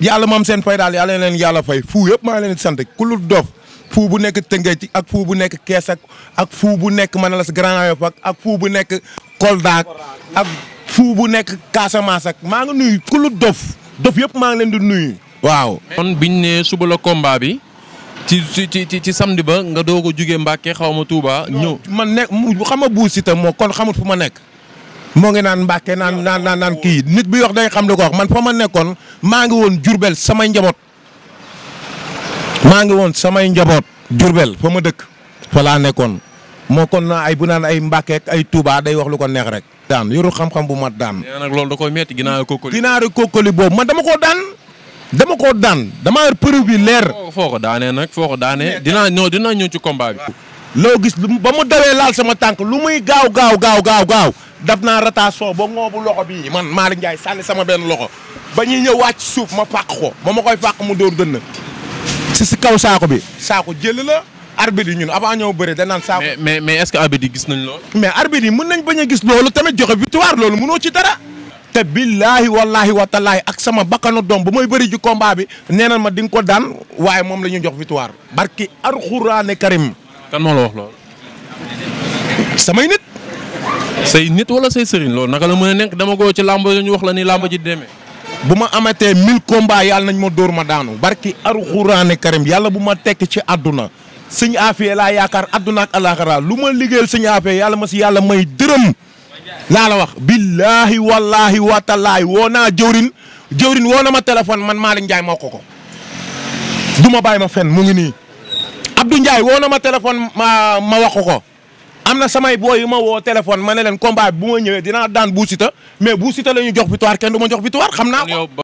yàlla moom seen fay daal yàlla leen yàlla fay fu yëpp maa leen sant kulul dof fu bu nekk Tëngéej ak fu bu nekk Kees ak ak fu bu nekk man la si Grand Yoff ak ak fu bu nekk Kolda ak fu bu nekk Casamance ak maa nga nuyu kulul dof dof yëpp maa ngi leen di nuyu. waaw. kon biñ ne suba la combat bi. ci ci ci ci samedi ba nga doog a jugee mbaake xaw ma tuuba ñëw man nekk xam nga Bou Siteu moo kon xamut fu ma nekk. moo ngi naan Mbàkke naan naan naan kii nit bi wax day xam li ko man fa ma nekkoon maa ngi woon Jurbel samay njaboot maa ngi woon samay njaboot Jurbel fa ma dëkk fa laa nekkoon moo kon naa ay bu naan ay Mbàkke ay tuubaa day wax lu ko neex rek. daan yoru xam-xam bu mat daan. nag loolu da koy metti ginaaru kokkoli. ginaaru kokkoli boobu ma dama koo daan. dama koo daan damaa yor preuve bi leer. foo ko nag foo ko dinaa ñëw dinaa ñëw ci combat bi. loo gis ba mu dawee laal sama tànk lu muy gaaw gaaw gaaw gaaw gaaw daf naa rotation ba ngoobu loxo bii man Malick Ndiaye sànni sama benn loxo ba ñuy ñëw wàcc suuf ma fàq ko ba ma koy fàq mu dóor dënn si si kaw saako bi saako jël la arbitre yi ñun avant ñoo bëre danaan saako mais mais mais est-ce que arbitre yi gis nañ loolu mais arbitre yi mën nañ bañ a gis loolu tamit joxe victoire loolu mënoo ci dara te billaahi wallaahi watalaahi ak sama bakkanu doom bu may bëri ji combat bi nee na ma di ko daan waaye moom la ñuy jox victoire barki arxuraane karim kan moo la wax loolu samay say nit wala say sëriñ loolu naka la mën a nekk dama ko ci làmb ñu wax la ni làmb ji demee. bu ma amatee mille combats yàlla nañ ma dóor ma daanu barki Alxuraane Karim yàlla bu ma tekk ci àdduna sëñ Afia laa yaakaar àdduna ak lu ma liggéeyal sëñ Afia yàlla ma si yàlla may dërëm laa la wax. billaahi wallaahi watalaahi woo naa jëwrin jëwrin woo na ma téléphone man Malick Ndiaye moo ko ko du ma bàyyi ma fen mu ngi nii Abdou Ndiaye woo na ma téléphone ma ma wax ko. am na samay boo yu ma woo téléphone ma ne leen combat bi bu ma ñëwee dinaa daan Bou Siteu mais Bou Siteu la ñu jox victoire kenn du ma jox victoire xam naa ko